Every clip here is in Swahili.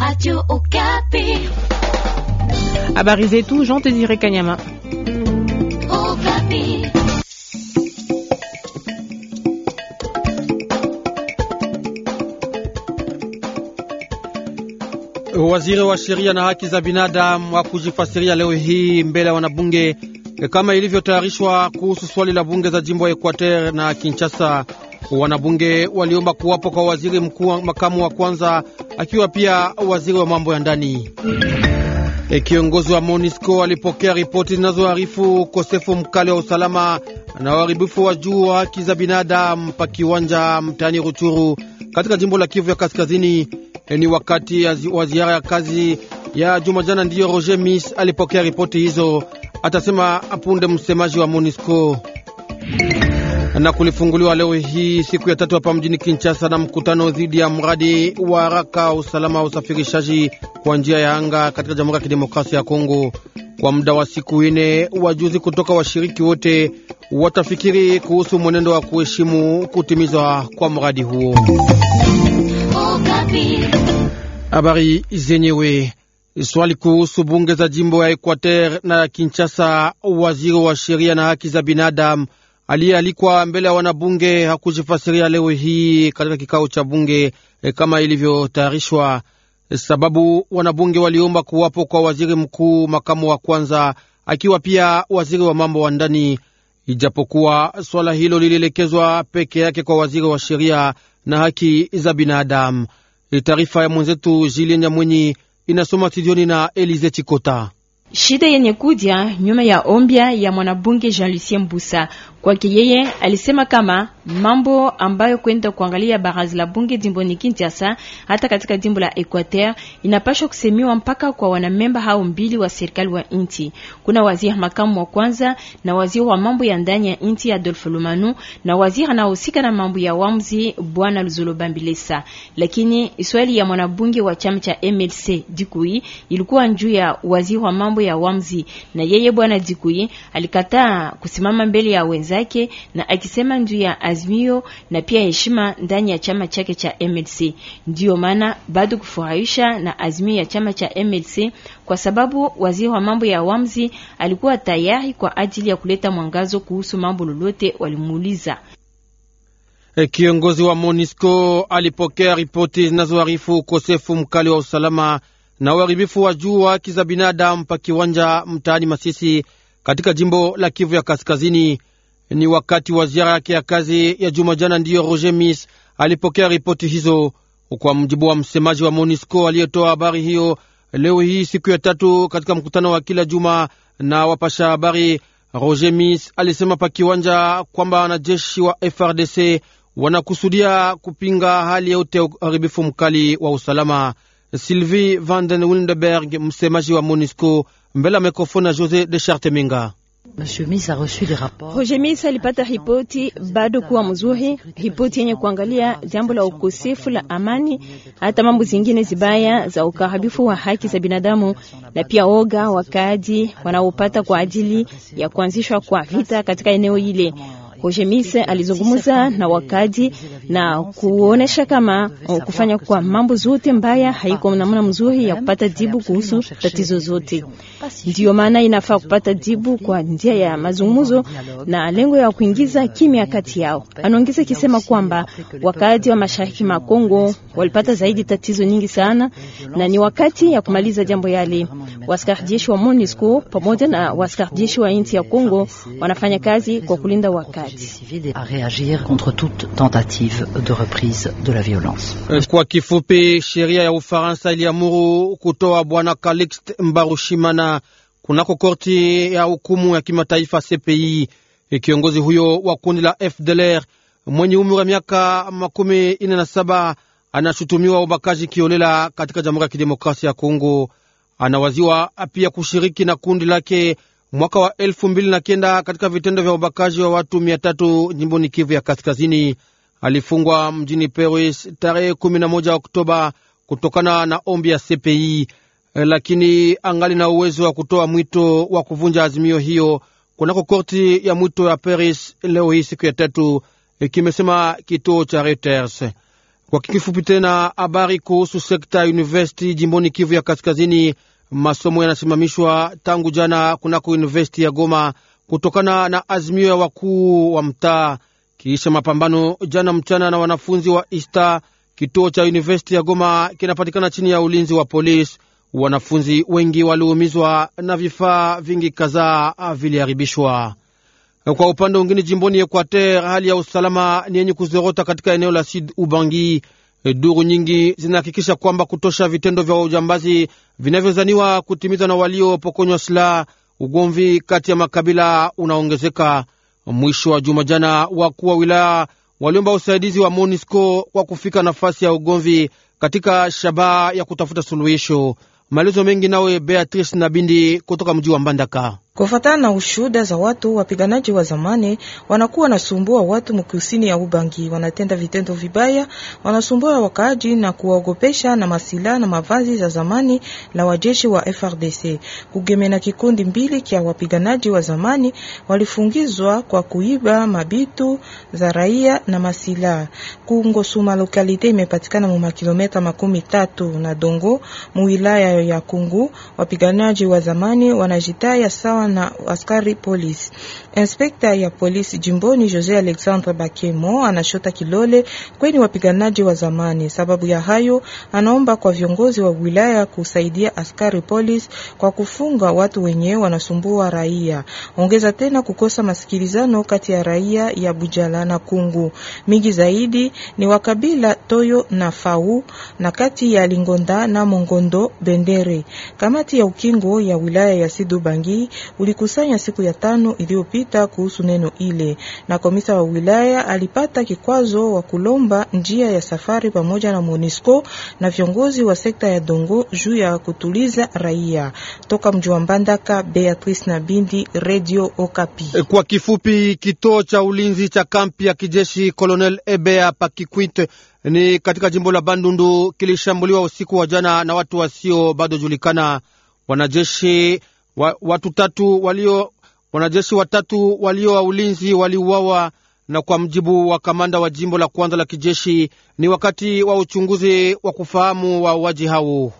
Radio Okapi. Habari zetu Jean Désiré Kanyama. Okapi. Waziri wa sheria na haki za binadamu wa kujifasiria leo hii mbele ya wanabunge kama ilivyotayarishwa kuhusu swali la bunge za jimbo ya Equateur na Kinshasa. Wanabunge waliomba kuwapo kwa waziri mkuu makamu wa kwanza akiwa pia waziri wa mambo ya ndani. E, kiongozi wa MONUSCO alipokea ripoti zinazoharifu ukosefu mkali wa usalama na uharibifu wa juu wa haki za binadamu pa kiwanja mtaani Ruchuru katika jimbo la Kivu ya Kaskazini. E, ni wakati wa ziara ya kazi ya juma jana ndiyo Roger Miss alipokea ripoti hizo, atasema apunde msemaji wa MONUSCO na kulifunguliwa leo hii siku ya tatu hapa mjini Kinshasa na mkutano dhidi ya mradi wa haraka usalama wa usafirishaji kwa njia ya anga katika Jamhuri ya Kidemokrasia ya Kongo. Kwa muda wa siku ine, wajuzi kutoka washiriki wote watafikiri kuhusu mwenendo wa kuheshimu kutimizwa kwa mradi huo. Habari zenyewe Swali kuhusu bunge za jimbo ya Equateur na ya Kinshasa, waziri wa sheria na haki za binadamu aliyealikwa mbele ya wanabunge hakujifasiria leo hii katika kikao cha bunge e, kama ilivyotayarishwa e, sababu wanabunge waliomba kuwapo kwa waziri mkuu makamu wa kwanza akiwa pia waziri wa mambo wa ndani, ijapokuwa swala hilo lilielekezwa peke yake kwa waziri wa sheria na haki za binadamu. E, taarifa ya mwenzetu Julien Nyamwenyi inasoma studioni na Elize Chikota. Shida yenye kuja nyuma ya ombya ya mwanabunge Jean Lucien Mbusa Kwake yeye alisema kama mambo ambayo kwenda kuangalia baraza la bunge jimboni Kinshasa hata katika jimbo la Equateur inapaswa kusemiwa mpaka kwa wanamemba hao mbili wa serikali wa nchi. Kuna waziri makamu wa kwanza na waziri wa mambo ya ndani ya nchi Adolphe Lumanu na waziri anaohusika na mambo ya wamzi bwana Luzolo Bambilesa. Lakini swali ya mwanabunge wa chama cha MLC Dikui ilikuwa juu ya waziri wa mambo ya wamzi, na yeye bwana Dikui alikataa kusimama mbele ya wenzi wenzake na akisema juu ya azimio na pia heshima ndani ya chama chake cha MLC. Ndiyo maana bado kufurahisha na azimio ya chama cha MLC kwa sababu waziri wa mambo ya wamzi alikuwa tayari kwa ajili ya kuleta mwangazo kuhusu mambo lolote walimuuliza. E, kiongozi wa MONUSCO alipokea ripoti zinazoharifu ukosefu mkali wa usalama na uharibifu wa juu wa haki za binadamu pa kiwanja mtaani Masisi katika jimbo la Kivu ya Kaskazini. Ni wakati wa ziara yake ya kazi ya juma jana ndiyo Roger Miss alipokea ripoti hizo, kwa mjibu wa msemaji wa MONUSCO aliyetoa habari hiyo leo hii siku ya tatu katika mkutano wa kila juma na wapasha habari. Roger Miss alisema pa kiwanja kwamba wanajeshi wa FRDC wanakusudia kupinga hali yote ya uharibifu mkali wa usalama. Sylvie Van den Wildenberg, msemaji wa MONUSCO, mbele ya mikrofoni ya Jose de minga Miss a reçu des rapports. Roger Miss alipata ripoti bado kuwa mzuri, ripoti yenye kuangalia jambo la ukosefu la amani, hata mambo zingine zibaya za ukaribifu wa haki za binadamu, na pia oga wakaaji wanaopata kwa ajili ya kuanzishwa kwa vita katika eneo ile. Hojemise alizungumza na wakaji na kuonesha kama oh, kufanya kwa mambo zote mbaya haiko namna mzuri ya kupata jibu kuhusu tatizo zote. Ndiyo maana inafaa kupata jibu kwa njia ya mazungumzo na lengo ya kuingiza kimya kati yao. Anaongeza akisema kwamba wakaji wa mashariki mwa Kongo walipata zaidi tatizo nyingi sana, na ni wakati ya kumaliza jambo yale. Waskari jeshi wa MONUSCO pamoja na waskari jeshi wa nchi ya Kongo wanafanya kazi kwa kulinda wakaji société à réagir contre toute tentative de reprise de la violence. Kwa kifupi, sheria ya Ufaransa iliamuru kutoa bwana Calixte Mbarushimana kunako korti ya hukumu ya kimataifa CPI. Kiongozi huyo wa kundi la FDLR mwenye umri wa miaka makumi ine na saba anashutumiwa ubakaji kiolela katika Jamhuri ya Kidemokrasia ya Kongo. Anawaziwa pia kushiriki na kundi lake mwaka wa elfu mbili na kenda katika vitendo vya ubakaji wa watu mia tatu jimboni Kivu ya Kaskazini. Alifungwa mjini Paris tarehe kumi na moja Oktoba kutokana na ombi ya CPI, lakini angali na uwezo wa kutoa mwito wa kuvunja azimio hiyo kunako korti ya mwito ya Paris leo hii siku ya tatu, kimesema kituo cha Reuters. Kwa kifupi tena habari kuhusu sekta ya university jimboni Kivu ya Kaskazini Masomo yanasimamishwa tangu jana kunako universiti ya Goma kutokana na azimio ya wakuu wa mtaa kisha mapambano jana mchana na wanafunzi wa Ista. Kituo cha universiti ya Goma kinapatikana chini ya ulinzi wa polisi. Wanafunzi wengi waliumizwa na vifaa vingi kadhaa viliharibishwa. Kwa upande wengine, jimboni Ekwater, hali ya usalama ni yenye kuzorota katika eneo la Sud Ubangi Eh, duru nyingi zinahakikisha kwamba kutosha vitendo vya ujambazi vinavyozaniwa kutimizwa na waliopokonywa silaha. Ugomvi kati ya makabila unaongezeka. Mwisho wa juma jana, wakuu wa wilaya waliomba usaidizi wa MONUSCO kwa kufika nafasi ya ugomvi katika shabaha ya kutafuta suluhisho. Maelezo mengi nawe Beatrice Nabindi kutoka mji wa Mbandaka. Kufuatana na ushuhuda za watu, wapiganaji wa zamani wanakuwa wanasumbua watu mkusini ya Ubangi, wanatenda vitendo vibaya, wanasumbua wakaaji na kuwaogopesha na masila na mavazi za zamani la wajeshi wa FRDC. Kugeme na kikundi mbili kya wapiganaji wa zamani walifungizwa kwa kuiba mabitu za raia na masila. Kungosuma lokalite imepatikana muma kilometa makumi tatu na Dongo muwilaya ya Kungu. Wapiganaji wa zamani wanajitaya sawa na askari polisi. Inspekta ya polisi jimboni Jose Alexandre Bakemo anashota kilole kweni wapiganaji wa zamani. Sababu ya hayo, anaomba kwa viongozi wa wilaya kusaidia askari polisi kwa kufunga watu wenye wanasumbua raia. Ongeza tena kukosa masikilizano kati ya raia ya Bujala na Kungu. Mingi zaidi ni wakabila Toyo na Fau na kati ya Lingonda na Mongondo Bendere. Kamati ya ukingo ya wilaya ya Sidubangi ulikusanya siku ya tano iliyopita kuhusu neno ile, na komisa wa wilaya alipata kikwazo wa kulomba njia ya safari pamoja na MONUSCO na viongozi wa sekta ya Dongo juu ya kutuliza raia. Toka mji wa Mbandaka, Beatrice Nabindi, Radio Okapi. E, kwa kifupi, kituo cha ulinzi cha kampi ya kijeshi Colonel Ebea Pakikwite ni katika jimbo la Bandundu kilishambuliwa usiku wa jana na watu wasio bado julikana. Wanajeshi wa, watu tatu walio wanajeshi watatu walio wa ulinzi waliuawa, na kwa mjibu wa kamanda wa jimbo la kwanza la kijeshi, ni wakati wa uchunguzi wa kufahamu wauaji hao.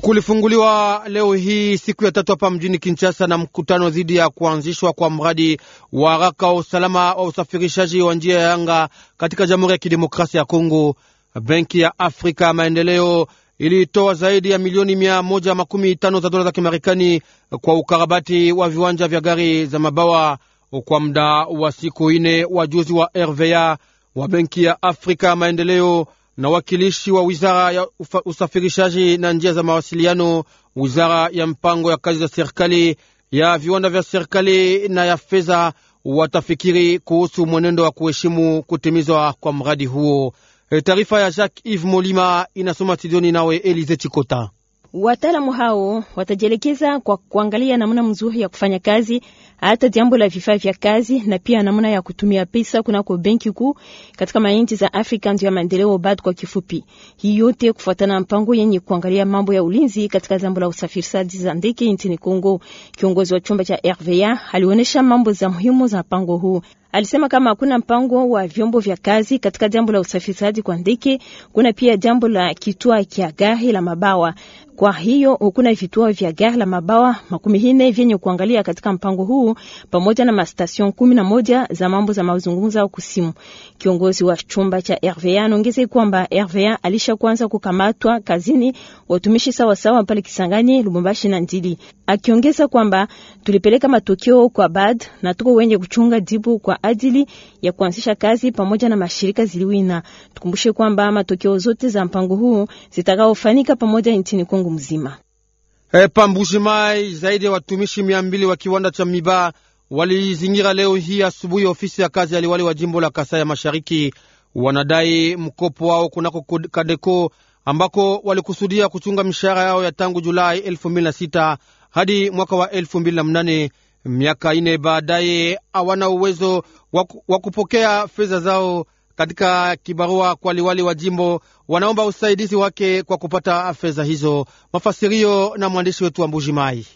Kulifunguliwa leo hii siku ya tatu hapa mjini Kinshasa na mkutano dhidi ya kuanzishwa kwa mradi wa haraka wa usalama wa usafirishaji wa njia ya anga katika Jamhuri ya Kidemokrasia ya Kongo. Benki ya Afrika ya Maendeleo ilitoa zaidi ya milioni mia moja makumi tano za dola za Kimarekani kwa ukarabati wa viwanja vya gari za mabawa kwa muda wa siku ine. Wajuzi wa RVA wa Benki ya Afrika ya Maendeleo na wakilishi wa wizara ya usafirishaji na njia za mawasiliano, wizara ya mpango ya kazi za serikali, ya viwanda vya serikali na ya fedha watafikiri kuhusu mwenendo wa kuheshimu kutimizwa kwa mradi huo. Eh, taarifa ya Jacques Yves Molima inasoma studioni nawe Elize Chikota. Wataalamu hao watajielekeza kwa kuangalia namna mzuri ya kufanya kazi, hata jambo la vifaa vya kazi na pia namna ya kutumia pesa kunako benki kuu katika manchi za Afrika ndio ya maendeleo BAD kwa kifupi. Hii yote kufuatana mpango yenye kuangalia mambo ya ulinzi katika jambo la usafirishaji za ndege nchini Kongo. Kiongozi wa chumba cha RVA alionyesha mambo za muhimu za mpango huu. Alisema kama hakuna mpango wa vyombo vya kazi katika jambo la usafirishaji kwa ndege, kuna pia jambo la kituo cha gari la mabawa. Kwa hiyo hukuna vituo vya gari la mabawa makumi nne vyenye kuangalia katika mpango huu pamoja na mastasion kumi na moja za mambo za mazungumzo au kusimu. Kiongozi wa chumba cha RVA anaongeza kwamba RVA kuanza kukamatwa kazini watumishi sawasawa pale Kisangani, Lubumbashi na Ndili, akiongeza kwamba tulipeleka matokeo kwa BAD na tuko wenye kuchunga jibu kwa ajili ya kuanzisha kazi pamoja na mashirika ziliwina. Tukumbushe kwamba matokeo zote za mpango huu zitakaofanyika pamoja nchini Kongo mzima. Hey, Pambushimai, zaidi ya watumishi mia mbili wa kiwanda cha Miba walizingira leo hii asubuhi ofisi ya kazi ya liwali wa jimbo la Kasai ya Mashariki. Wanadai mkopo wao kunako Kadeko ambako walikusudia kuchunga mishahara yao ya tangu Julai 2006 hadi mwaka wa 2008 miaka ine baadaye hawana uwezo wa kupokea fedha zao. Katika kibarua kwa liwali wa jimbo, wanaomba usaidizi wake kwa kupata fedha hizo. Mafasirio na mwandishi wetu wa Mbujimai.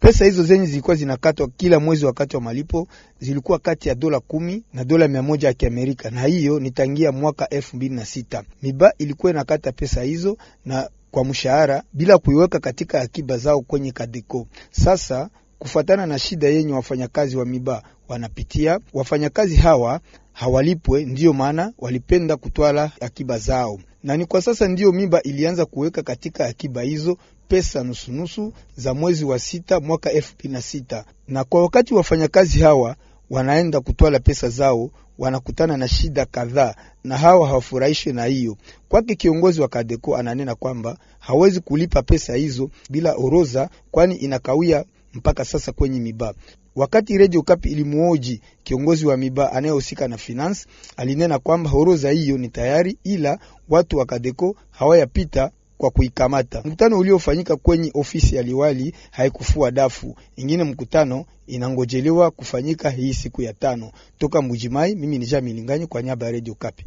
Pesa hizo zenye zilikuwa zinakatwa kila mwezi wakati wa malipo zilikuwa kati ya dola kumi na dola mia moja ya Kiamerika, na hiyo ni tangia mwaka elfu mbili na sita. Miba ilikuwa inakata pesa hizo na kwa mshahara bila kuiweka katika akiba zao kwenye Kadeko. Sasa kufuatana na shida yenye wafanyakazi wa miba wanapitia. Wafanyakazi hawa hawalipwe, ndiyo maana walipenda kutwala akiba zao, na ni kwa sasa ndiyo miba ilianza kuweka katika akiba hizo pesa nusunusu za mwezi wa sita mwaka elfu mbili na sita na kwa wakati wafanyakazi hawa wanaenda kutwala pesa zao wanakutana na shida kadhaa, na hawa hawafurahishwe na hiyo. Kwake kiongozi wa Kadeko ananena kwamba hawezi kulipa pesa hizo bila oroza, kwani inakawia mpaka sasa kwenye miba. Wakati Radio Kapi ilimuoji kiongozi wa miba anayehusika na finance, alinena kwamba horoza hiyo ni tayari, ila watu wa Kadeko hawayapita kwa kuikamata. Mkutano uliofanyika kwenye ofisi ya liwali haikufua dafu. Ingine mkutano inangojelewa kufanyika hii siku ya tano. Toka Mujimai, mimi ni Jami Linganyo kwa niaba ya Radio Kapi.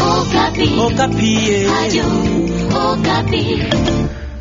Okapi. Oh, Okapi. Oh, Okapi.